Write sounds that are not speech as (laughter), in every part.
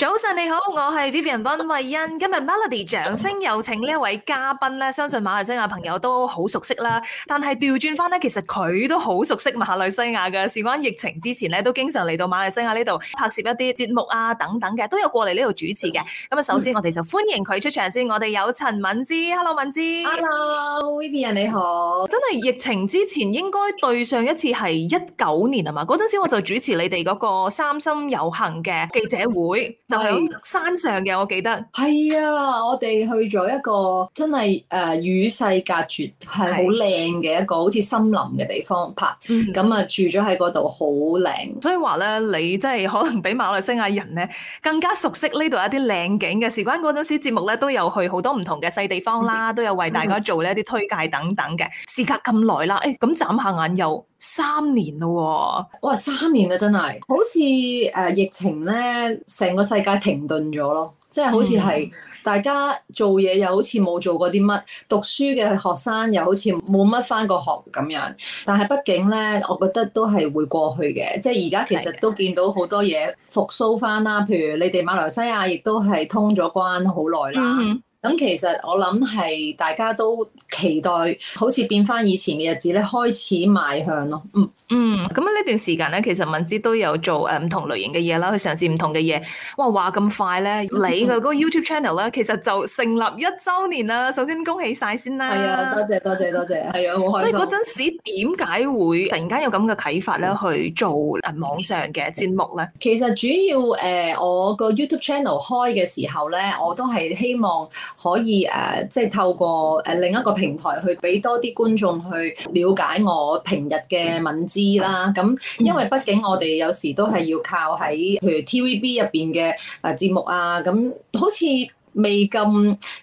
早晨，你好，我係 Vivian 溫慧欣。今日 Melody 掌聲有請呢一位嘉賓咧，相信馬來西亞朋友都好熟悉啦。但係調轉翻咧，其實佢都好熟悉馬來西亞噶。事關疫情之前咧，都經常嚟到馬來西亞呢度拍攝一啲節目啊等等嘅，都有過嚟呢度主持嘅。咁啊，首先我哋就歡迎佢出場先。我哋有陳敏之。Hello 敏之。Hello Vivian 你好。真係疫情之前應該對上一次係一九年吖嘛？嗰陣時我就主持你哋嗰個三心遊行嘅記者會。就喺山上嘅，我記得。係啊，我哋去咗一個真係誒、呃、與世隔絕，係好靚嘅一個，是好似森林嘅地方拍。咁啊、嗯，住咗喺嗰度好靚。所以話咧，你真係可能比馬來西亞人咧更加熟悉呢度一啲靚景嘅。事關嗰陣時節目咧都有去好多唔同嘅細地方啦，都有為大家做呢一啲推介等等嘅。嗯、時隔咁耐啦，誒咁眨下眼又～三年咯喎、哦，哇三年啊真係，好似誒、呃、疫情咧，成個世界停頓咗咯，即係好似係、嗯、大家做嘢又好似冇做過啲乜，讀書嘅學生又好似冇乜翻過學咁樣。但係畢竟咧，我覺得都係會過去嘅，即係而家其實都見到好多嘢復甦翻啦。譬如你哋馬來西亞亦都係通咗關好耐啦。嗯嗯咁其實我諗係大家都期待，好似變翻以前嘅日子咧，開始邁向咯，嗯。嗯，咁啊呢段時間咧，其實敏之都有做誒唔同類型嘅嘢啦，去嘗試唔同嘅嘢。哇話咁快咧，你個嗰 YouTube channel 咧，其實就成立一周年啦。首先恭喜晒先啦！係啊， (laughs) 多謝多謝多謝，係啊，好開心。所以嗰陣時點解會突然間有咁嘅啟發咧，去做誒網上嘅節目咧？其實主要誒、呃、我個 YouTube channel 開嘅時候咧，我都係希望可以誒、呃、即係透過誒、呃、另一個平台去俾多啲觀眾去了解我平日嘅敏之。嗯啦，咁、嗯、因為畢竟我哋有時都係要靠喺，譬如 TVB 入邊嘅啊節目啊，咁好似未咁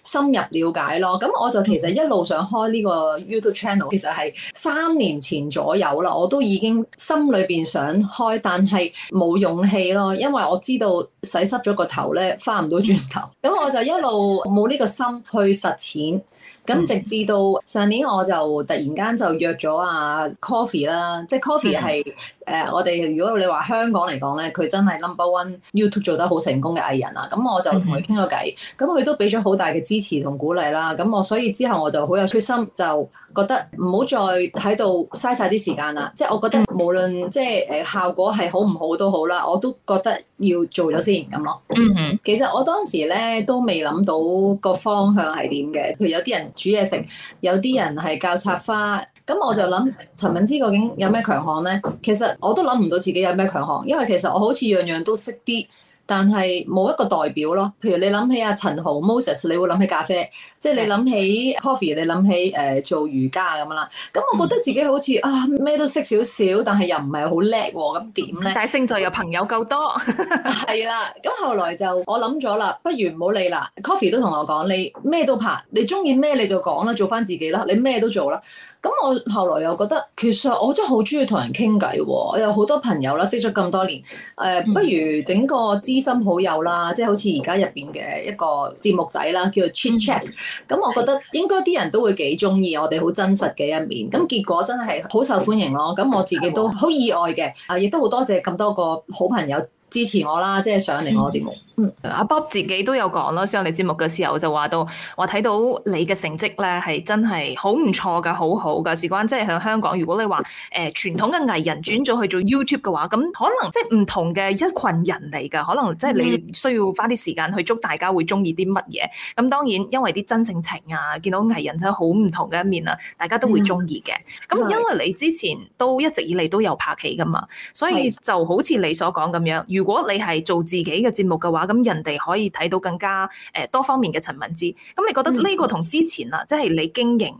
深入了解咯。咁我就其實一路想開呢個 YouTube channel，其實係三年前左右啦，我都已經心裏邊想開，但係冇勇氣咯，因為我知道洗濕咗個頭咧，翻唔到轉頭。咁我就一路冇呢個心去實踐。咁直至到上年，我就突然間就約咗阿 Coffee 啦，即係 Coffee 係。誒的、呃，我哋如果你話香港嚟講咧，佢真係 number one YouTube 做得好成功嘅藝人啦。咁我就同佢傾咗偈，咁佢的都俾咗好大嘅支持同鼓勵啦。咁我所以之後我就好有決心就。覺得唔好再喺度嘥晒啲時間啦，即係我覺得無論、mm hmm. 即係誒效果係好唔好都好啦，我都覺得要做咗先咁咯。嗯哼、mm，hmm. 其實我當時咧都未諗到個方向係點嘅，譬如有啲人煮嘢食，有啲人係教插花，咁我就諗陳敏之究竟有咩強項咧？其實我都諗唔到自己有咩強項，因為其實我好似樣樣都識啲。但係冇一個代表咯，譬如你諗起阿陳豪 Moses，你會諗起咖啡，即係你諗起 coffee，你諗起誒、呃、做瑜伽咁啦。咁我覺得自己好似、嗯、啊咩都識少少，但係又唔係好叻喎，咁點咧？但係星座又朋友夠多，係 (laughs) 啦。咁後來就我諗咗啦，不如唔好理啦。Coffee 都同我講，你咩都拍，你中意咩你就講啦，做翻自己啦，你咩都做啦。咁我後來又覺得其實我真係好中意同人傾偈喎，有好多朋友啦，識咗咁多年。誒、呃，不如整個知心好友啦，即係好似而家入邊嘅一個節目仔啦，叫做 Chin Chat。咁我覺得應該啲人都會幾中意我哋好真實嘅一面。咁結果真係好受歡迎咯。咁我自己都好意外嘅，啊，亦都好多謝咁多個好朋友支持我啦，即係上嚟我節目。阿 Bob 自己都有講咯，上嚟節目嘅時候就話到，話睇到你嘅成績咧係真係好唔錯噶，好好噶。事關即係喺香港，如果你話誒、欸、傳統嘅藝人轉咗去做 YouTube 嘅話，咁可能即係唔同嘅一群人嚟㗎，可能即係你需要花啲時間去捉大家會中意啲乜嘢。咁當然因為啲真性情啊，見到藝人真係好唔同嘅一面啦，大家都會中意嘅。咁因為你之前都一直以嚟都有拍戲㗎嘛，所以就好似你所講咁樣，如果你係做自己嘅節目嘅話，咁人哋可以睇到更加誒多方面嘅陳敏之，咁你覺得呢個同之前啊，嗯、即係你經營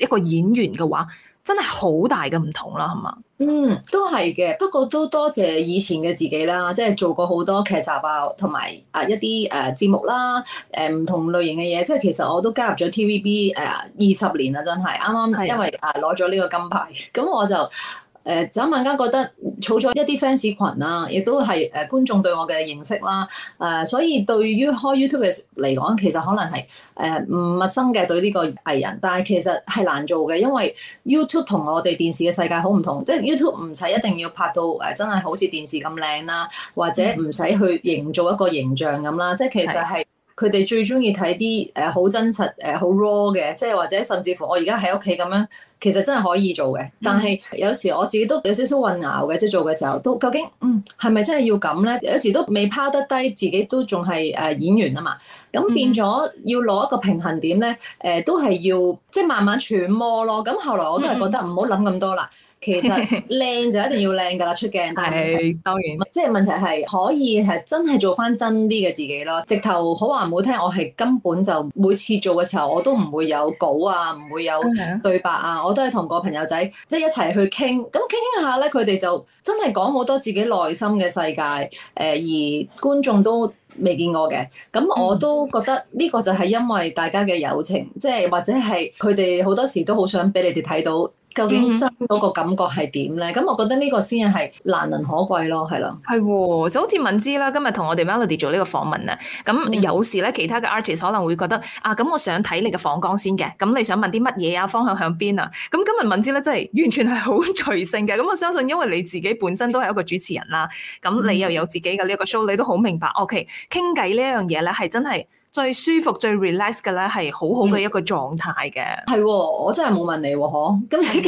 一個演員嘅話，真係好大嘅唔同啦，係嘛？嗯，都係嘅，不過都多謝以前嘅自己啦，即係做過好多劇集啊，同埋啊一啲誒節目啦，誒唔同類型嘅嘢，即係其實我都加入咗 TVB 誒、呃、二十年啦，真係啱啱因為啊攞咗呢個金牌，咁的、嗯、我就。誒就一萬家覺得儲咗一啲 fans 羣啦，亦都係誒、呃、觀眾對我嘅認識啦。誒、呃，所以對於開 YouTube 嚟講，其實可能係誒唔陌生嘅對呢個藝人，但係其實係難做嘅。因為 YouTube 同我哋電視嘅世界好唔同，即係 YouTube 唔使一定要拍到誒真係好似電視咁靚啦，或者唔使去營造一個形象咁啦，即係、嗯、其實係。佢哋最中意睇啲誒好真實誒好 raw 嘅，即係或者甚至乎我而家喺屋企咁樣，其實真係可以做嘅。但係有時我自己都有少少混淆嘅，即係做嘅時候都究竟嗯係咪真係要咁咧？有時都未拋得低，自己都仲係誒演員啊嘛。咁變咗要攞一個平衡點咧，誒、呃、都係要即係慢慢揣摩咯。咁後來我都係覺得唔好諗咁多啦。其實靚就一定要靚㗎啦，出鏡。係當然。即係問題係可以係真係做翻真啲嘅自己咯。直頭好話唔好聽，我係根本就每次做嘅時候，我都唔會有稿啊，唔會有對白啊，uh huh. 我都係同個朋友仔即係、就是、一齊去傾。咁傾傾下咧，佢哋就真係講好多自己內心嘅世界，誒、呃、而觀眾都未見過嘅。咁我都覺得呢個就係因為大家嘅友情，uh huh. 即係或者係佢哋好多時都好想俾你哋睇到。究竟真嗰個感覺係點咧？咁、mm hmm. 我覺得呢個先係難能可貴咯，係咯。係喎，就好似敏之啦，今日同我哋 Melody 做呢個訪問啊。咁有時咧，其他嘅 artist 可能會覺得啊，咁我想睇你嘅訪綱先嘅。咁你想問啲乜嘢啊？方向向邊啊？咁今日敏之咧真係完全係好隨性嘅。咁我相信因為你自己本身都係一個主持人啦，咁你又有自己嘅呢一個 show，你都好明白。OK，傾偈呢樣嘢咧係真係。最舒服、最 relax 嘅咧，係好好嘅一個狀態嘅。係喎、嗯，我真係冇問你喎，嗬。咁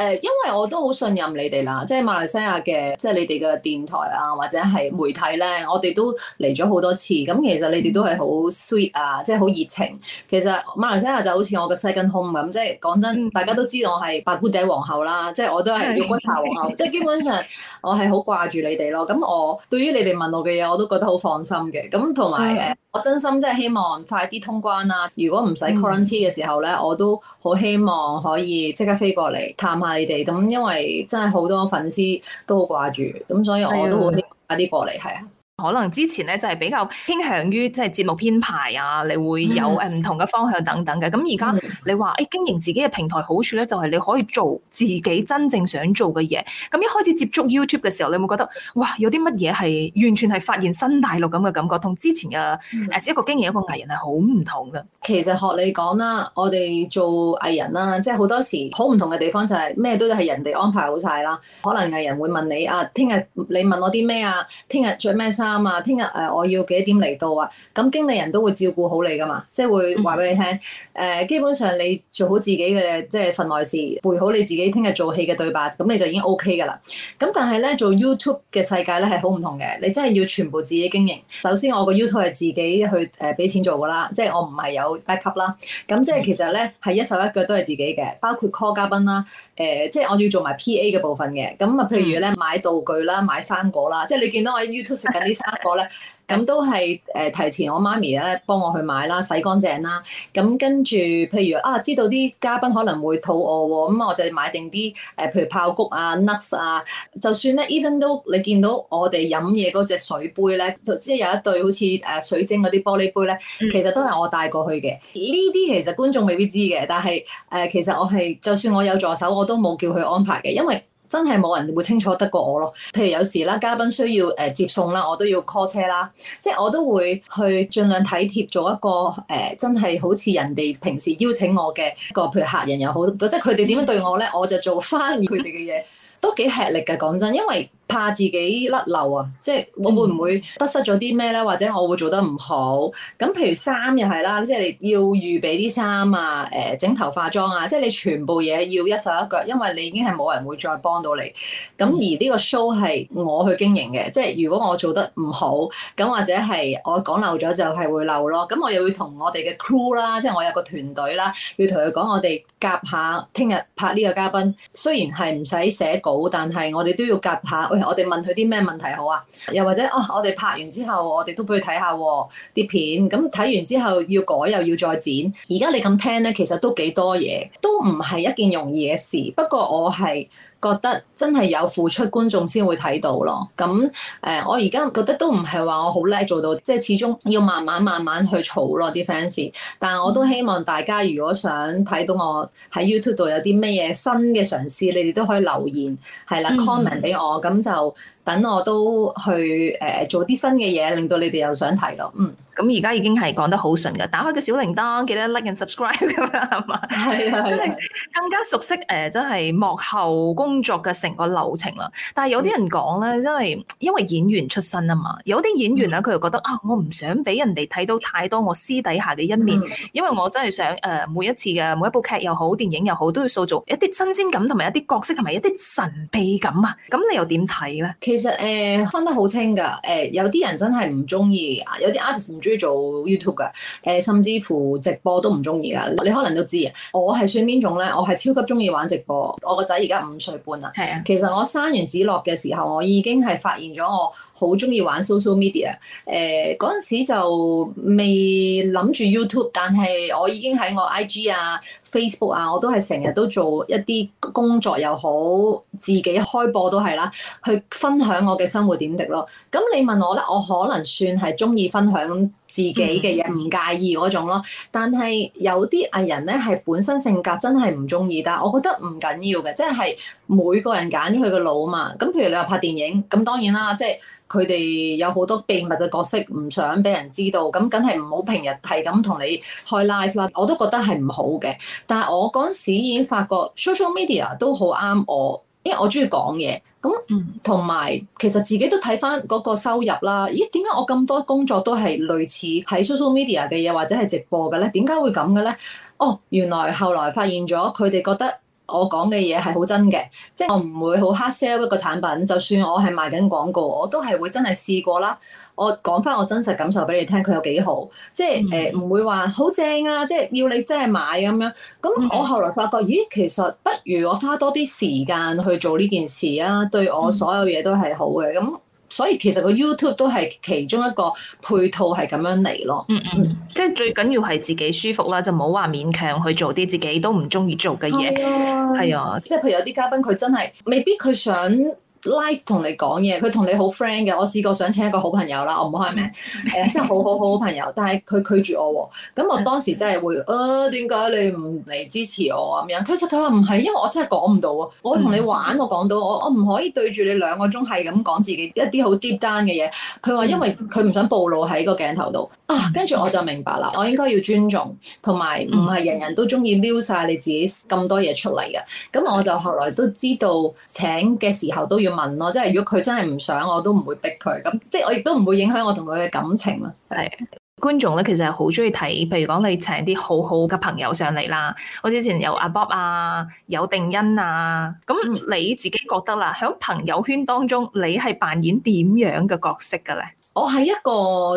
誒，因為我都好信任你哋啦，即係馬來西亞嘅，即係你哋嘅電台啊，或者係媒體咧，我哋都嚟咗好多次。咁其實你哋都係好 sweet 啊，即係好熱情。其實馬來西亞就好似我嘅 second home 咁，即係講真，大家都知道我係八姑爹皇后啦，嗯、即係我都係烏雲皇后，是 (laughs) 即係基本上我係好掛住你哋咯。咁我對於你哋問我嘅嘢，我都覺得好放心嘅。咁同埋誒。嗯我真心真係希望快啲通關啦、啊！如果唔使 quarantine 嘅時候咧，嗯、我都好希望可以即刻飛過嚟探下你哋。咁因為真係好多粉絲都好掛住，咁所以我都好快啲過嚟，係啊、哎呦！的可能之前咧就係比較傾向於即係節目編排啊，你會有誒唔同嘅方向等等嘅。咁而家你話誒、哎、經營自己嘅平台好處咧，就係你可以做自己真正想做嘅嘢。咁一開始接觸 YouTube 嘅時候，你有冇覺得哇有啲乜嘢係完全係發現新大陸咁嘅感覺，同之前嘅誒、嗯、一個經營一個藝人係好唔同嘅？其實學你講啦，我哋做藝人啦，即係好多時好唔同嘅地方就係咩都係人哋安排好晒啦。可能藝人會問你啊，聽日你問我啲咩啊？聽日着咩衫？啱啊！聽日誒，我要幾點嚟到啊？咁經理人都會照顧好你噶嘛，即係會話俾你聽。誒、嗯，基本上你做好自己嘅即係份內事，背好你自己聽日做戲嘅對白，咁你就已經 OK 噶啦。咁但係咧做 YouTube 嘅世界咧係好唔同嘅，你真係要全部自己經營。首先我個 YouTube 係自己去誒俾錢做噶啦，即係我唔係有 backup 啦。咁即係其實咧係一手一腳都係自己嘅，包括 call 嘉賓啦。誒、呃，即係我要做埋 PA 嘅部分嘅，咁、嗯、啊，譬如咧，買道具啦，買生果啦，即係你見到我喺 YouTube 食緊啲生果咧。 (laughs) 咁都係誒提前，我媽咪咧幫我去買啦，洗乾淨啦。咁跟住，譬如啊，知道啲嘉賓可能會肚餓喎、啊，咁我就買定啲誒，譬如爆谷啊、Nuts 啊。就算咧，even 都你見到我哋飲嘢嗰隻水杯咧，就即係有一對好似誒水晶嗰啲玻璃杯咧，其實都係我帶過去嘅。呢啲其實觀眾未必知嘅，但係誒、呃，其實我係就算我有助手，我都冇叫佢安排嘅，因為，真係冇人會清楚得過我咯。譬如有時啦，嘉賓需要誒、呃、接送啦，我都要 call 車啦，即係我都會去盡量體貼做一個誒、呃，真係好似人哋平時邀請我嘅個譬如客人又好，即係佢哋點樣對我咧，我就做翻佢哋嘅嘢， (laughs) 都幾吃力嘅，講真因為。怕自己甩漏啊！即係我會唔會得失咗啲咩咧？或者我會做得唔好？咁譬如衫又係啦，即係你要預備啲衫啊、誒、呃、整頭化妝啊，即係你全部嘢，要一手一腳，因為你已經係冇人會再幫到你。咁而呢個 show 係我去經營嘅，即係如果我做得唔好，咁或者係我講漏咗就係會漏咯。咁我又會同我哋嘅 crew 啦，即係我有個團隊啦，要同佢講我哋夾下聽日拍呢個嘉賓，雖然係唔使寫稿，但係我哋都要夾下。我哋問佢啲咩問題好啊？又或者啊，我哋拍完之後，我哋都俾佢睇下喎啲片。咁睇完之後要改又要再剪。而家你咁聽咧，其實都幾多嘢，都唔係一件容易嘅事。不過我係覺得真係有付出，觀眾先會睇到咯。咁誒、呃，我而家覺得都唔係話我好叻做到，即係始終要慢慢慢慢去儲咯啲 fans。但係我都希望大家如果想睇到我喺 YouTube 度有啲咩嘢新嘅嘗試，你哋都可以留言係啦、嗯、comment 俾我，咁就等我都去誒、呃、做啲新嘅嘢，令到你哋又想睇咯。嗯。咁而家已經係講得好順㗎，打開個小鈴鐺，記得 like and subscribe 咁樣係嘛？係啊的，真係更加熟悉誒、呃，真係幕後工作嘅成個流程啦。但係有啲人講咧，因為因為演員出身啊嘛，有啲演員咧，佢又覺得啊，我唔想畀人哋睇到太多我私底下嘅一面，因為我真係想誒、呃、每一次嘅每一部劇又好，電影又好，都要塑造一啲新鮮感同埋一啲角色同埋一啲神秘感啊。咁你又點睇咧？其實誒、呃、分得好清㗎，誒、呃、有啲人真係唔中意，有啲 artist。中意做 YouTube 嘅，誒、呃，甚至乎直播都唔中意噶。你可能都知啊，我係算邊種咧？我係超級中意玩直播。我個仔而家五歲半啦。係啊。其實我生完子樂嘅時候，我已經係發現咗我好中意玩 social media，呃。誒，嗰陣時就未諗住 YouTube，但係我已經喺我 IG 啊。Facebook 啊，我都係成日都做一啲工作又好，自己開播都係啦，去分享我嘅生活點滴咯。咁你問我咧，我可能算係中意分享自己嘅嘢，唔、嗯嗯、介意嗰種咯。但係有啲藝人咧，係本身性格真係唔中意，但我覺得唔緊要嘅，即係每個人揀咗佢嘅路啊嘛。咁譬如你話拍電影，咁當然啦，即係。佢哋有好多秘密嘅角色，唔想俾人知道，咁梗係唔好平日係咁同你開 live 啦。我都覺得係唔好嘅。但係我嗰陣時已經發覺 social media 都好啱我，因為我中意講嘢。咁同埋其實自己都睇返嗰個收入啦。咦？點解我咁多工作都係類似喺 social media 嘅嘢或者係直播嘅咧？點解會咁嘅咧？哦，原來後來發現咗，佢哋覺得。我講嘅嘢係好真嘅，即係我唔會好 hard sell 一個產品，就算我係賣緊廣告，我都係會真係試過啦。我講翻我真實感受俾你聽，佢有幾好，即係誒唔會話好正啊！即係要你真係買咁樣。咁我後來發覺，嗯、咦，其實不如我花多啲時間去做呢件事啊，對我所有嘢都係好嘅咁。所以其實個 YouTube 都係其中一個配套係咁樣嚟咯。嗯嗯，嗯即係最緊要係自己舒服啦，就唔好話勉強去做啲自己都唔中意做嘅嘢。係啊，啊即係譬如有啲嘉賓佢真係未必佢想。life 同你講嘢，佢同你好 friend 嘅。我試過想請一個好朋友啦，我唔開名，誒、 (laughs) 呃，真係好好好好朋友。但係佢拒絕我喎。咁我當時真係會，啊、呃，點解你唔嚟支持我啊？咁樣。其實佢話唔係，因為我真係講唔到啊。我同你玩，我講到我，我唔可以對住你兩個鐘係咁講自己一啲好 deep down 嘅嘢。佢話因為佢唔想暴露喺個鏡頭度啊。跟住我就明白啦，我應該要尊重，同埋唔係人人都中意溜晒你自己咁多嘢出嚟嘅。咁我就後來都知道請嘅時候都要。問咯，即係如果佢真係唔想，我都唔會逼佢。咁即係我亦都唔會影響我同佢嘅感情咯。係觀眾咧，其實係好中意睇，譬如講你請啲好好嘅朋友上嚟啦。我之前有阿 Bob 啊，有定欣啊。咁你自己覺得啦，喺、嗯、朋友圈當中，你係扮演點樣嘅角色嘅咧？我係一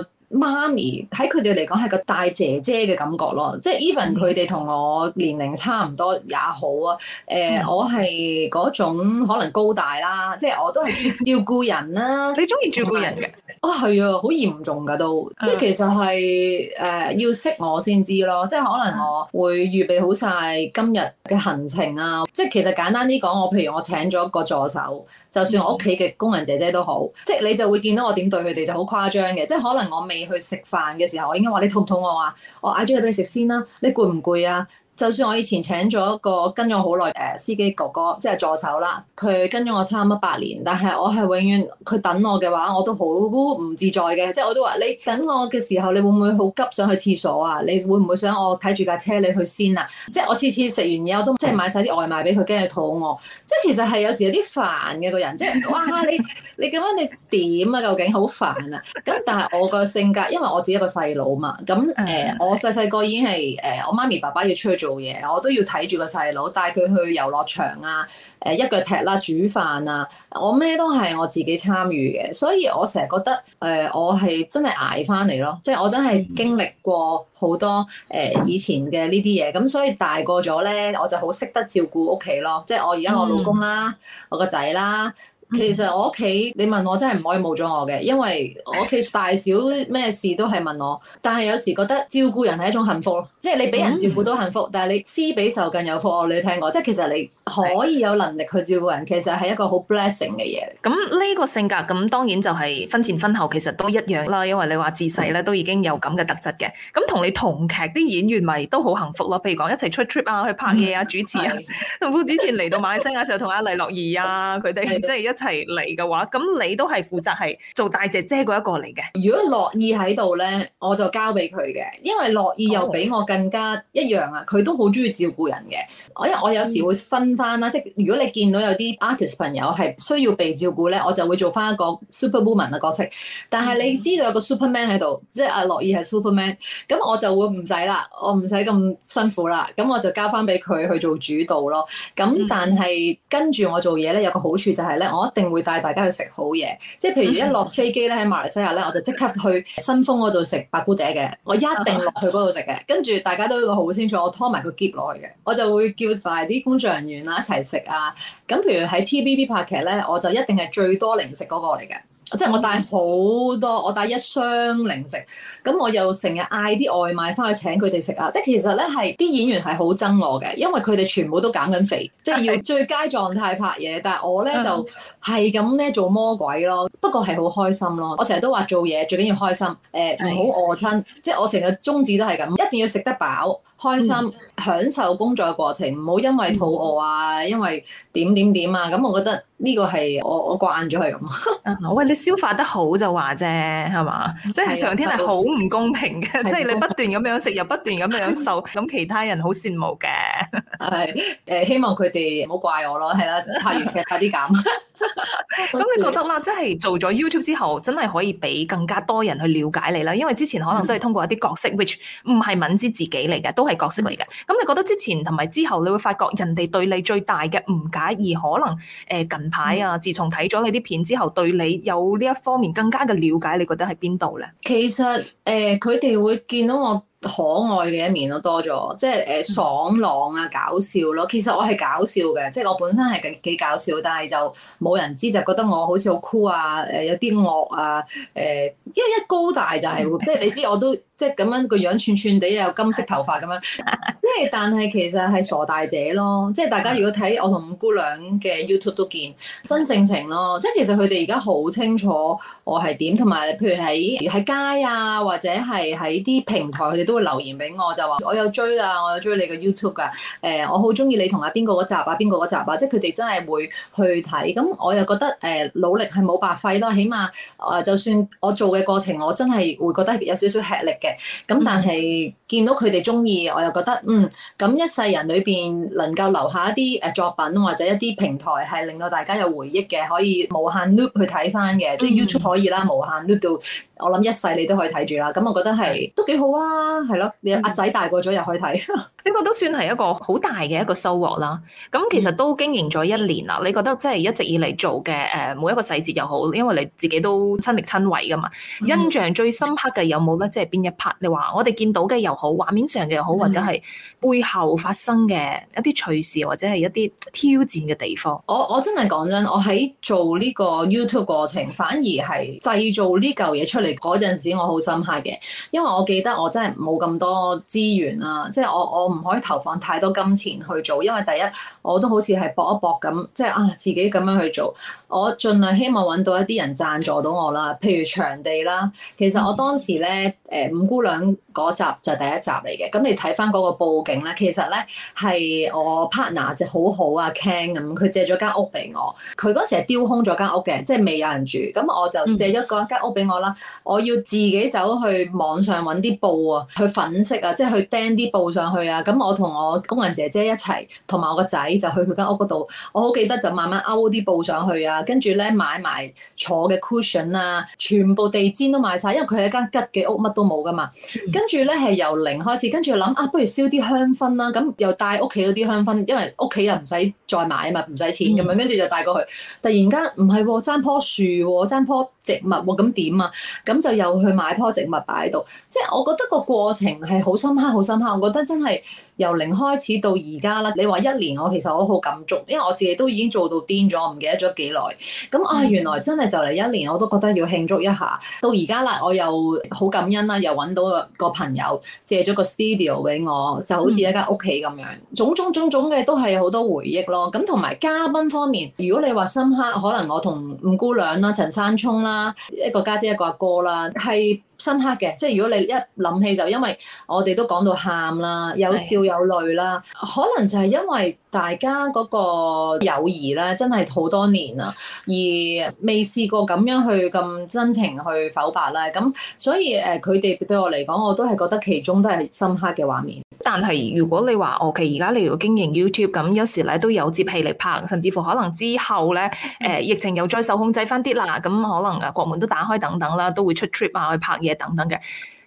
個。媽咪喺佢哋嚟講係個大姐姐嘅感覺咯，即係 even 佢哋同我年齡差唔多也好啊。誒、呃，嗯、我係嗰種可能高大啦，即係我都係中意照顧人啦。 (laughs) 你中意照顧人嘅。哇，係啊、哦，好嚴重噶都，uh，即係其實係誒、呃、要識我先知咯，即係可能我會預備好晒今日嘅行程啊，即係其實簡單啲講，我譬如我請咗一個助手，就算我屋企嘅工人姐姐都好，嗯、即係你就會見到我點對佢哋就好誇張嘅，即係可能我未去食飯嘅時候，我已經話你肚唔肚餓啊，我嗌咗嘢俾你食先啦，你攰唔攰啊？就算我以前請咗一個跟咗好耐誒司機哥哥，即係助手啦，佢跟咗我差唔多八年，但係我係永遠佢等我嘅話，我都好唔自在嘅，即係我都話你等我嘅時候，你會唔會好急想去廁所啊？你會唔會想我睇住架車你去先啊？即係我次次食完嘢我都即係買晒啲外賣俾佢，驚佢肚餓。即係其實係有時有啲煩嘅個人，即係哇你你咁樣你點啊？究竟好煩啊？咁但係我個性格，因為我自己一個細佬嘛，咁誒、呃、我細細個已經係誒、呃、我媽咪爸爸要出去。做嘢，我都要睇住個細佬，帶佢去遊樂場啊，誒，一腳踢啦，啊，煮飯啊，我咩都係我自己參與嘅，所以我成日覺得誒、呃，我係真係捱翻嚟咯，即係我真係經歷過好多誒、呃、以前嘅呢啲嘢，咁所以大個咗咧，我就好識得照顧屋企咯，即係我而家我老公啦，啊，嗯、我個仔啦。其實我屋企，你問我真係唔可以冇咗我嘅，因為我屋企大小咩事都係問我。但係有時覺得照顧人係一種幸福咯，即係你俾人照顧都幸福。嗯、但係你施比受更有福，你聽過。即係其實你可以有能力去照顧人，其實係一個好 blessing 嘅嘢。咁呢、嗯、個性格咁當然就係婚前婚後其實都一樣啦，因為你話自細咧都已經有咁嘅特質嘅。咁同你同劇啲演員咪都好幸福咯，譬如講一齊出 trip 啊，去拍嘢啊，主持啊，同副主持之前嚟到馬來西亞時候，同阿黎樂兒啊佢哋即係一齊。 (laughs) 係嚟嘅話，咁你都係負責係做大姐姐嗰一個嚟嘅。如果樂意喺度咧，我就交俾佢嘅，因為樂意又比我更加一樣啊，佢、oh. 都好中意照顧人嘅。我因為我有時會分翻啦，mm. 即係如果你見到有啲 artist 朋友係需要被照顧咧，我就會做翻一個 superwoman 嘅角色。但係你知道有個 superman 喺度，即係阿樂意係 superman，咁我就會唔使啦，我唔使咁辛苦啦，咁我就交翻俾佢去做主導咯。咁但係跟住我做嘢咧，有個好處就係咧，我。一定會帶大家去食好嘢，即係譬如一落飛機咧，喺馬來西亞咧，我就即刻去新豐嗰度食白姑姐嘅，我一定落去嗰度食嘅。跟住大家都講好清楚，我拖埋個喼落去嘅，我就會叫曬啲工作人員啊，一齊食啊。咁譬如喺 TVB 拍劇咧，我就一定係最多零食嗰個嚟嘅，即係我帶好多， (laughs) 我帶一箱零食。咁我又成日嗌啲外賣翻去請佢哋食啊。即係其實咧係啲演員係好憎我嘅，因為佢哋全部都減緊肥，即係要最佳狀態拍嘢。但係我咧 (laughs) 就～係咁咧，做魔鬼咯。不過係好開心咯。我成日都話做嘢最緊要開心，誒唔好餓親，是的 即係我成日宗旨都係咁，一定要食得飽，開心、嗯、享受工作嘅過程，唔好因為肚餓啊，因為點點點啊。咁我覺得呢個係我我慣咗係咁。我話你消化得好就話啫，係嘛？即係上天係好唔公平嘅，即係 (laughs) 你不斷咁樣食又不斷咁樣受，咁 (laughs) 其他人好羨慕嘅。係誒、 (laughs) 啊，希望佢哋唔好怪我咯，係啦、啊，拍完劇快啲減。咁 (laughs) (laughs) 你覺得啦，即係做咗 YouTube 之後，真係可以俾更加多人去了解你啦。因為之前可能都係通過一啲角色、嗯、which 唔係敏之自己嚟嘅，都係角色嚟嘅。咁、嗯嗯、你覺得之前同埋之後，你會發覺人哋對你最大嘅誤解，而可能誒、呃、近排啊，嗯、自從睇咗你啲片之後，對你有呢一方面更加嘅了解，你覺得喺邊度咧？其實誒，佢、呃、哋會見到我。可愛嘅一面咯，多咗，即係誒爽朗啊、搞笑咯。其實我係搞笑嘅，即係我本身係幾幾搞笑，但係就冇人知，就覺得我好似好酷啊，誒有啲惡啊誒，因為一高大就係會即係你知我都即係咁樣，個樣串串地有金色頭髮咁樣。即係，但係其實係傻大姐咯。即係大家如果睇我同五姑娘嘅 YouTube 都見真性情咯。即係其實佢哋而家好清楚我係點，同埋譬如喺喺街啊，或者係喺啲平台，佢哋都會留言俾我，就話我有追啦，我有追你個 YouTube 噶、啊。誒、呃，我好中意你同阿邊個嗰集啊，邊個嗰集啊。即係佢哋真係會去睇。咁我又覺得誒努力係冇白費咯。起碼誒，就算我做嘅過程，我真係會覺得有少少吃力嘅。咁但係見到佢哋中意，我又覺得嗯。咁、嗯、一世人裏邊能夠留下一啲誒作品或者一啲平台係令到大家有回憶嘅，可以無限 loop 去睇返嘅，即係、嗯、YouTube 可以啦，無限 loop 到我諗一世你都可以睇住啦。咁我覺得係、嗯、都幾好啊，係咯，你阿仔、嗯、大個咗又可以睇。 (laughs) 呢個都算係一個好大嘅一個收穫啦。咁其實都經營咗一年啦。你覺得即係一直以嚟做嘅誒，每一個細節又好，因為你自己都親力親為噶嘛。印象最深刻嘅有冇咧？即係邊一 part？你話我哋見到嘅又好，畫面上嘅又好，或者係背後發生嘅一啲趣事，或者係一啲挑戰嘅地方。我我真係講真，我喺做呢個 YouTube 過程，反而係製造呢嚿嘢出嚟嗰陣時，我好深刻嘅，因為我記得我真係冇咁多資源啊。即係我我。我唔可以投放太多金錢去做，因為第一，我都好似係搏一搏咁，即係啊，自己咁樣去做，我盡量希望揾到一啲人贊助到我啦，譬如場地啦。其實我當時咧，誒、嗯呃、五姑娘。嗰集就第一集嚟嘅，咁你睇翻嗰個佈景咧，其實咧係我 partner 就好好啊，Ken 咁，佢借咗間屋俾我，佢嗰陣時係丟空咗間屋嘅，即係未有人住，咁我就借咗嗰間屋俾我啦。嗯、我要自己走去網上揾啲布啊，去粉色啊，即係去釘啲布上去啊。咁我同我工人姐姐一齊，同埋我個仔就去佢間屋嗰度。我好記得就慢慢勾啲布上去啊，跟住咧買埋坐嘅 cushion 啊，全部地氈都買晒，因為佢係一間吉嘅屋，乜都冇噶嘛。嗯跟住咧，係由零開始，跟住諗啊，不如燒啲香薰啦。咁又帶屋企嗰啲香薰，因為屋企又唔使再買啊嘛，唔使錢咁樣。跟住就帶過去。突然間唔係喎，爭、哦、棵樹喎，爭棵。植物喎，咁、哦、點啊？咁就又去買棵植物擺喺度，即係我覺得個過程係好深刻，好深刻。我覺得真係由零開始到而家啦。你話一年，我其實我都好感觸，因為我自己都已經做到癲咗，我唔記得咗幾耐。咁啊、哎，原來真係就嚟一年，我都覺得要慶祝一下。到而家啦，我又好感恩啦，又揾到個朋友借咗個 studio 俾我，就好似一間屋企咁樣。嗯、種種種種嘅都係好多回憶咯。咁同埋嘉賓方面，如果你話深刻，可能我同吳姑娘啦、陳山聰啦，啦，一個家姐，姐一個阿哥啦，係深刻嘅。即係如果你一諗起，就因為我哋都講到喊啦，有笑有淚啦，的可能就係因為大家嗰個友誼咧，真係好多年啦，而未試過咁樣去咁真情去剖白啦。咁所以誒，佢哋對我嚟講，我都係覺得其中都係深刻嘅畫面。但係如果你話我其實而家你要經營 YouTube 咁，有時咧都有接戲嚟拍，甚至乎可能之後咧，誒疫情又再受控制返啲啦，咁可能啊國門都打開等等啦，都會出 trip 啊去拍嘢等等嘅。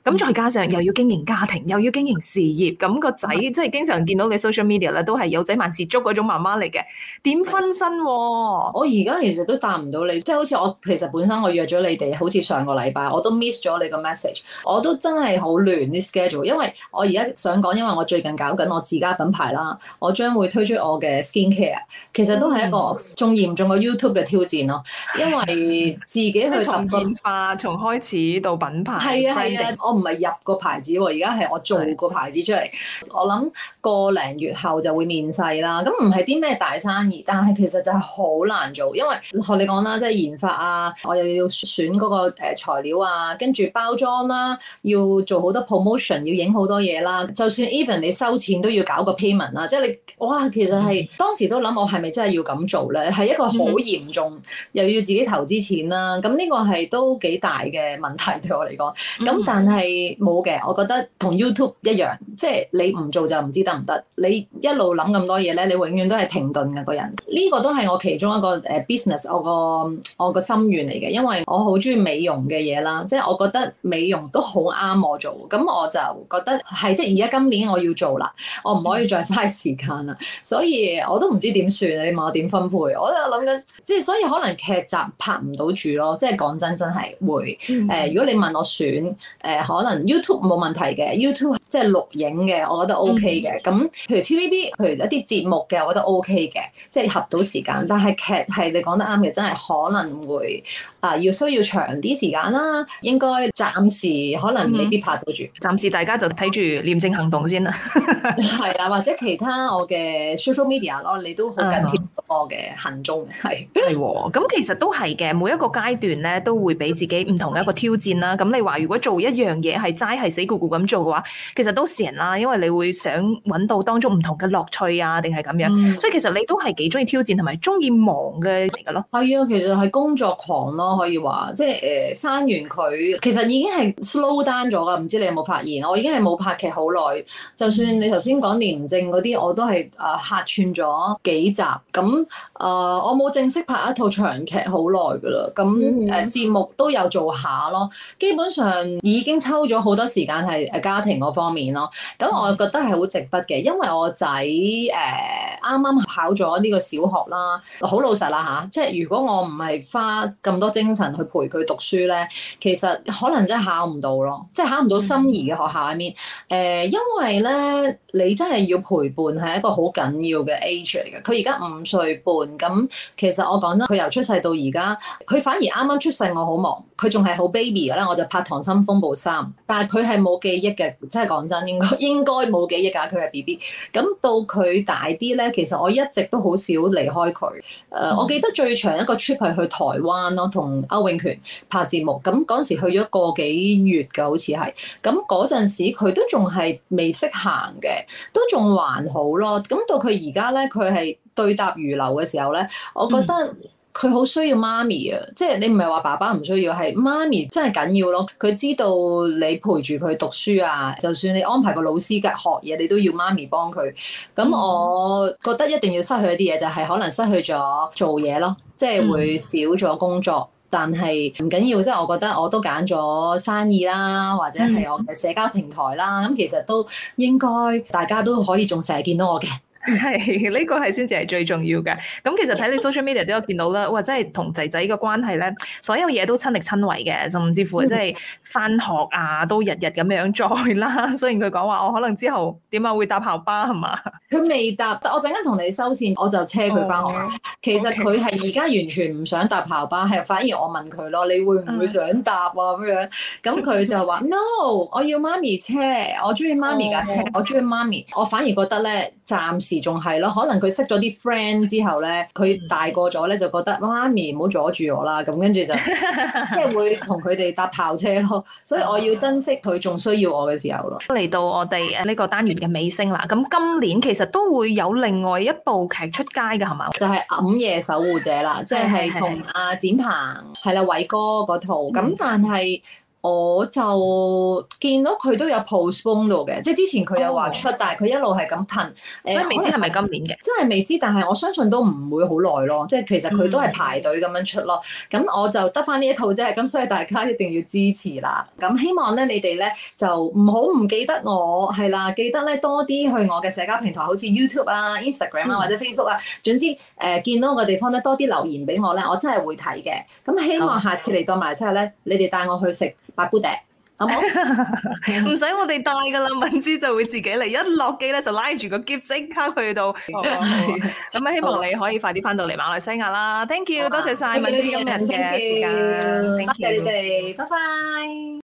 咁再加上又要經營家庭，又要經營事業，咁個仔即係經常見到嘅 social media 咧，都係有仔萬事足嗰種媽媽嚟嘅，點分身、嗯？我而家其實都答唔到你，即係好似我其實本身我約咗你哋，好似上個禮拜我都 miss 咗你個 message，我都真係好亂啲 schedule，因為我而家想講，因為我最近搞緊我自家品牌啦，我將會推出我嘅 skin care，其實都係一個仲嚴重嘅 YouTube 嘅挑戰咯，因為自己去、嗯嗯、從產品化，從開始到品牌，係啊係啊，唔係入個牌子喎，而家係我做個牌子出嚟。對 我諗個零月後就會面世啦。咁唔係啲咩大生意，但係其實就係好難做，因為學你講啦，即係研發啊，我又要選嗰個誒材料啊，跟住包裝啦、啊，要做好多 promotion，要影好多嘢啦、啊。就算 even 你收錢都要搞個 payment 啦、啊，即係你哇，其實係、嗯、當時都諗我係咪真係要咁做咧？係一個好嚴重，嗯、又要自己投資錢啦、啊。咁呢個係都幾大嘅問題對我嚟講，咁但係。係冇嘅，我覺得同 YouTube 一樣，即係你唔做就唔知得唔得。你一路諗咁多嘢咧，你永遠都係停頓嘅個人。呢個都係我其中一個誒 business，我個我個心願嚟嘅，因為我好中意美容嘅嘢啦，即係我覺得美容都好啱我做。咁我就覺得係即係而家今年我要做啦，我唔可以再嘥時間啦。所以我都唔知點算啊？你問我點分配，我就諗緊即係，所以可能劇集拍唔到住咯。即係講真，的真的，真係會誒，如果你問我選誒、呃可能 YouTube 冇問題嘅，YouTube 即係錄影嘅，我覺得 OK 嘅。咁、嗯、譬如 TVB，譬如一啲節目嘅，我覺得 OK 嘅，即、就、係、是、合到時間。但係劇係你講得啱嘅，真係可能會啊，要需要長啲時間啦。應該暫時可能未必拍到住、嗯，暫時大家就睇住廉政行動先啦。係 (laughs) 啦、 (laughs) 啊，或者其他我嘅 social media 咯，你都好緊貼。我嘅行蹤，係係咁，其實都係嘅，每一個階段咧都會俾自己唔同嘅一個挑戰啦。咁你話如果做一樣嘢係齋係死咕咕咁做嘅話，其實都蝕人啦，因為你會想搵到當中唔同嘅樂趣啊，定係咁樣。所以其實你都係幾鍾意挑戰同埋鍾意忙嘅嚟嘅咯。係啊、嗯，其實係工作狂咯，可以話即係誒生完佢，就是呃、tweeting, 其實已經係 slow down 咗㗎。唔知你有冇發現？我已經係冇拍劇好耐，就算你頭先講廉政嗰啲，我都係誒客串咗幾集咁。咁我冇正式拍一套長劇好耐嘅啦。咁誒、呃、節目都有做下咯，基本上已經抽咗好多時間係誒家庭嗰方面咯。咁我覺得係好值得嘅，因為我仔誒啱啱考咗呢個小學啦，好老實啦吓，即係如果我唔係花咁多精神去陪佢讀書咧，其實可能真係考唔到咯，即係考唔到心儀嘅學校喺面。誒、呃，因為咧你真係要陪伴係一個好緊要嘅 age 嚟嘅，佢而家五歲歲半咁，其實我講真，佢由出世到而家，佢反而啱啱出世，我好忙，佢仲係好 baby 嘅咧，我就拍《溏心風暴三》，但係佢係冇記憶嘅，即係講真，真，應該應該冇記憶噶，佢係 B B。咁到佢大啲咧，其實我一直都好少離開佢。誒、嗯，我記得最長一個 trip 係去台灣咯，同歐永權拍節目。咁嗰時去咗個幾月噶，好似係。咁嗰陣時佢都仲係未識行嘅，都仲還好咯。咁到佢而家咧，佢係對答如流嘅時候咧，我覺得佢好需要媽咪啊！嗯、即係你唔係話爸爸唔需要，係媽咪真係緊要咯。佢知道你陪住佢讀書啊，就算你安排個老師教學嘢，你都要媽咪幫佢。咁我覺得一定要失去一啲嘢，就係、係、可能失去咗做嘢咯，即係會少咗工作。嗯、但係唔緊要，即係我覺得我都揀咗生意啦，或者係我嘅社交平台啦，咁其實都應該大家都可以仲成日見到我嘅 (laughs) 係，呢 (laughs) 個係先至係最重要嘅。咁其實睇你 social media 都有見到啦，或者係同仔仔嘅關係咧，所有嘢都親力親為嘅，甚至乎即係返學啊，都日日咁樣載啦。雖然佢講話，我可能之後點啊會搭校巴係嘛？佢未搭，我陣間同你收線，我就車佢返學。Okay. 其實佢係而家完全唔想搭校巴，係反而我問佢咯，你會唔會想搭啊？咁樣咁佢就話 (laughs) no，我要媽咪車，我鍾意媽咪架車，oh. 我鍾意媽咪。我反而覺得咧，暫時。仲係咯，可能佢識咗啲 friend 之後咧，佢大個咗咧就覺得媽咪唔好阻住我啦，咁 (laughs) 跟住就即係會同佢哋搭炮車咯。所以我要珍惜佢仲需要我嘅時候咯。嚟到我哋呢個單元嘅尾聲啦，咁今年其實都會有另外一部劇出街嘅係嘛？就係、是《暗夜守護者》啦，即係同阿展鵬係啦，偉 (laughs) 哥嗰套。咁但係。 (music) 我就見到佢都有 postponed 到嘅，即係之前佢有話出，oh. 但係佢一路係咁噴，即係未知係咪今年嘅？真係未知，但係我相信都唔會好耐咯。即係其實佢都係排隊咁樣出咯。咁、mm. 我就得翻呢一套啫。咁所以大家一定要支持啦。咁希望咧，你哋咧就唔好唔記得我係啦，記得咧多啲去我嘅社交平台，好似 YouTube 啊、Instagram 啊、mm. 或者 Facebook 啊，總之誒、呃、見到嘅地方咧多啲留言俾我咧，我真係會睇嘅。咁希望下次嚟到埋之後咧，你哋帶我去食。白姑娘，好唔使我哋帶㗎喇，敏之就會自己嚟。一落機咧就拉住個喼，即刻去到。咁啊，希望你可以快啲翻到嚟馬來西亞啦。Thank you，多謝晒敏之今日嘅時間。多謝你哋，拜拜。